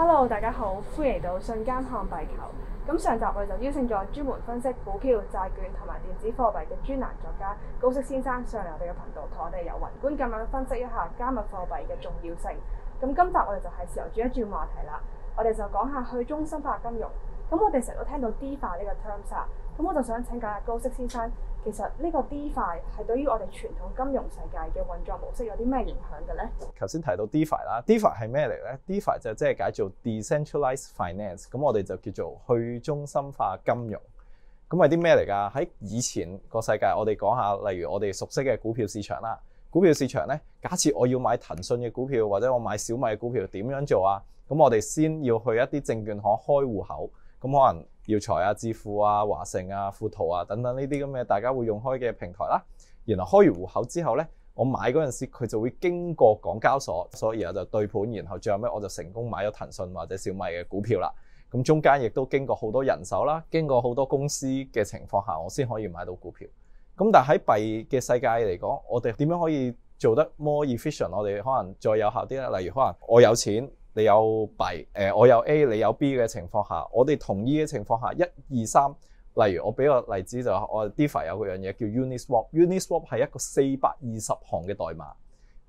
Hello，大家好，歡迎嚟到信間看幣球。咁上集我哋就邀請咗專門分析股票、債券同埋電子貨幣嘅專欄作家高息先生上嚟我哋嘅頻道，同我哋由宏觀咁眼分析一下加密貨幣嘅重要性。咁今集我哋就係時候轉一轉話題啦，我哋就講下去中心化金融。咁我哋成日都聽到 d 化呢個 term 啦，咁我就想請教下高息先生。其實呢個 DeFi 係對於我哋傳統金融世界嘅運作模式有啲咩影響嘅呢？頭先提到 DeFi 啦 de，DeFi 係咩嚟呢？DeFi 就即係解做 decentralized finance，咁我哋就叫做去中心化金融。咁係啲咩嚟噶？喺以前個世界，我哋講下，例如我哋熟悉嘅股票市場啦。股票市場呢，假設我要買騰訊嘅股票，或者我買小米嘅股票，點樣做啊？咁我哋先要去一啲證券行開戶口。咁可能耀才啊、致富啊、華盛啊、富途啊等等呢啲咁嘅大家會用開嘅平台啦。然後開完戶口之後呢，我買嗰陣時佢就會經過港交所，所以我就對盤，然後最後尾我就成功買咗騰訊或者小米嘅股票啦。咁中間亦都經過好多人手啦，經過好多公司嘅情況下，我先可以買到股票。咁但係喺幣嘅世界嚟講，我哋點樣可以做得 more efficient？我哋可能再有效啲呢。例如可能我有錢。你有 B，誒我有 A，你有 B 嘅情況下，我哋同意嘅情況下，一二三，例如我俾個例子就，我 DeFi 有個樣嘢叫 Uniswap，Uniswap 係一個四百二十行嘅代碼，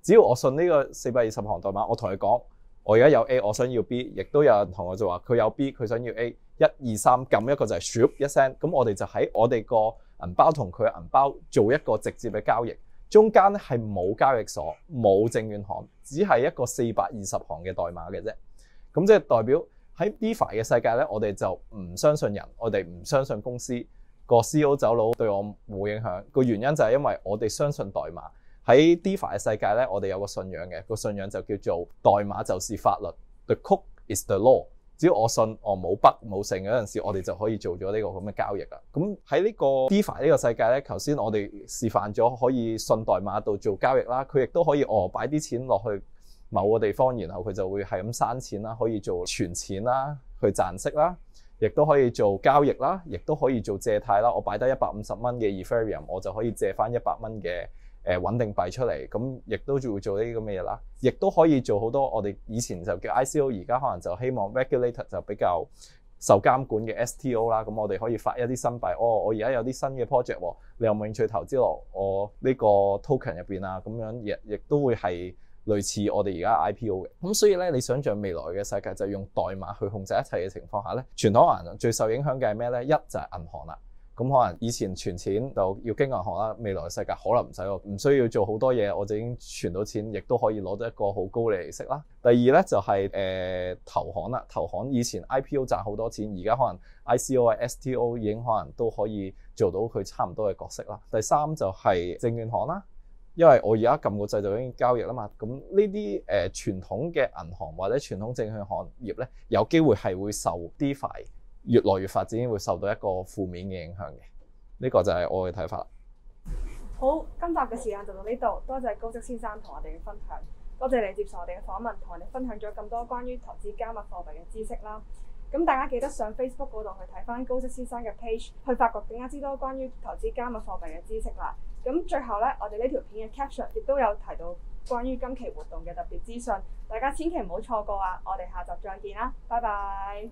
只要我信呢個四百二十行代碼，我同你講，我而家有 A，我想要 B，亦都有人同我就話佢有 B，佢想要 A，一二三，撳一個就係 Swap 一聲，咁我哋就喺我哋個銀包同佢銀包做一個直接嘅交易。中間咧係冇交易所、冇證券行，只係一個四百二十行嘅代碼嘅啫。咁即係代表喺 DeFi 嘅世界咧，我哋就唔相信人，我哋唔相信公司、個 CEO 走佬對我冇影響。個原因就係因為我哋相信代碼喺 DeFi 嘅世界咧，我哋有個信仰嘅，個信仰就叫做代碼就是法律，The code is the law。只要我信我冇北冇剩嗰陣時，我哋就可以做咗呢個咁嘅交易啦。咁喺呢個 DeFi 呢個世界呢，頭先我哋示範咗可以信代碼度做交易啦，佢亦都可以，哦，擺啲錢落去某個地方，然後佢就會係咁生錢啦，可以做存錢啦，去賺息啦，亦都可以做交易啦，亦都可以做借貸啦。我擺低一百五十蚊嘅 Ethereum，我就可以借翻一百蚊嘅。誒穩定幣出嚟，咁亦都仲會做呢啲咁嘅嘢啦，亦都可以做好多我哋以前就叫 ICO，而家可能就希望 regulator 就比較受監管嘅 STO 啦，咁我哋可以發一啲新幣，哦，我而家有啲新嘅 project，你有冇興趣投資落我呢個 token 入邊啊？咁樣亦亦都會係類似我哋而家 IPO 嘅，咁所以咧，你想象未來嘅世界就用代碼去控制一切嘅情況下咧，傳統銀行最受影響嘅係咩咧？一就係、是、銀行啦。咁、嗯、可能以前存錢就要經銀行啦，未來世界可能唔使我唔需要做好多嘢，我就已經存到錢，亦都可以攞到一個好高利息啦。第二呢，就係、是、誒、呃、投行啦，投行以前 IPO 賺好多錢，而家可能 ICO、STO 已經可能都可以做到佢差唔多嘅角色啦。第三就係證券行啦，因為我而家撳個掣就已經交易啦嘛。咁呢啲誒傳統嘅銀行或者傳統證券行業呢，有機會係會受 DeFi 越來越發展會受到一個負面嘅影響嘅，呢個就係我嘅睇法。好，今集嘅時間就到呢度，多謝高職先生同我哋嘅分享，多謝你接受我哋嘅訪問，同我哋分享咗咁多關於投資加密貨幣嘅知識啦。咁大家記得上 Facebook 嗰度去睇翻高職先生嘅 page，去發掘更加之多關於投資加密貨幣嘅知識啦。咁最後呢，我哋呢條片嘅 caption 亦都有提到關於今期活動嘅特別資訊，大家千祈唔好錯過啊！我哋下集再見啦，拜拜。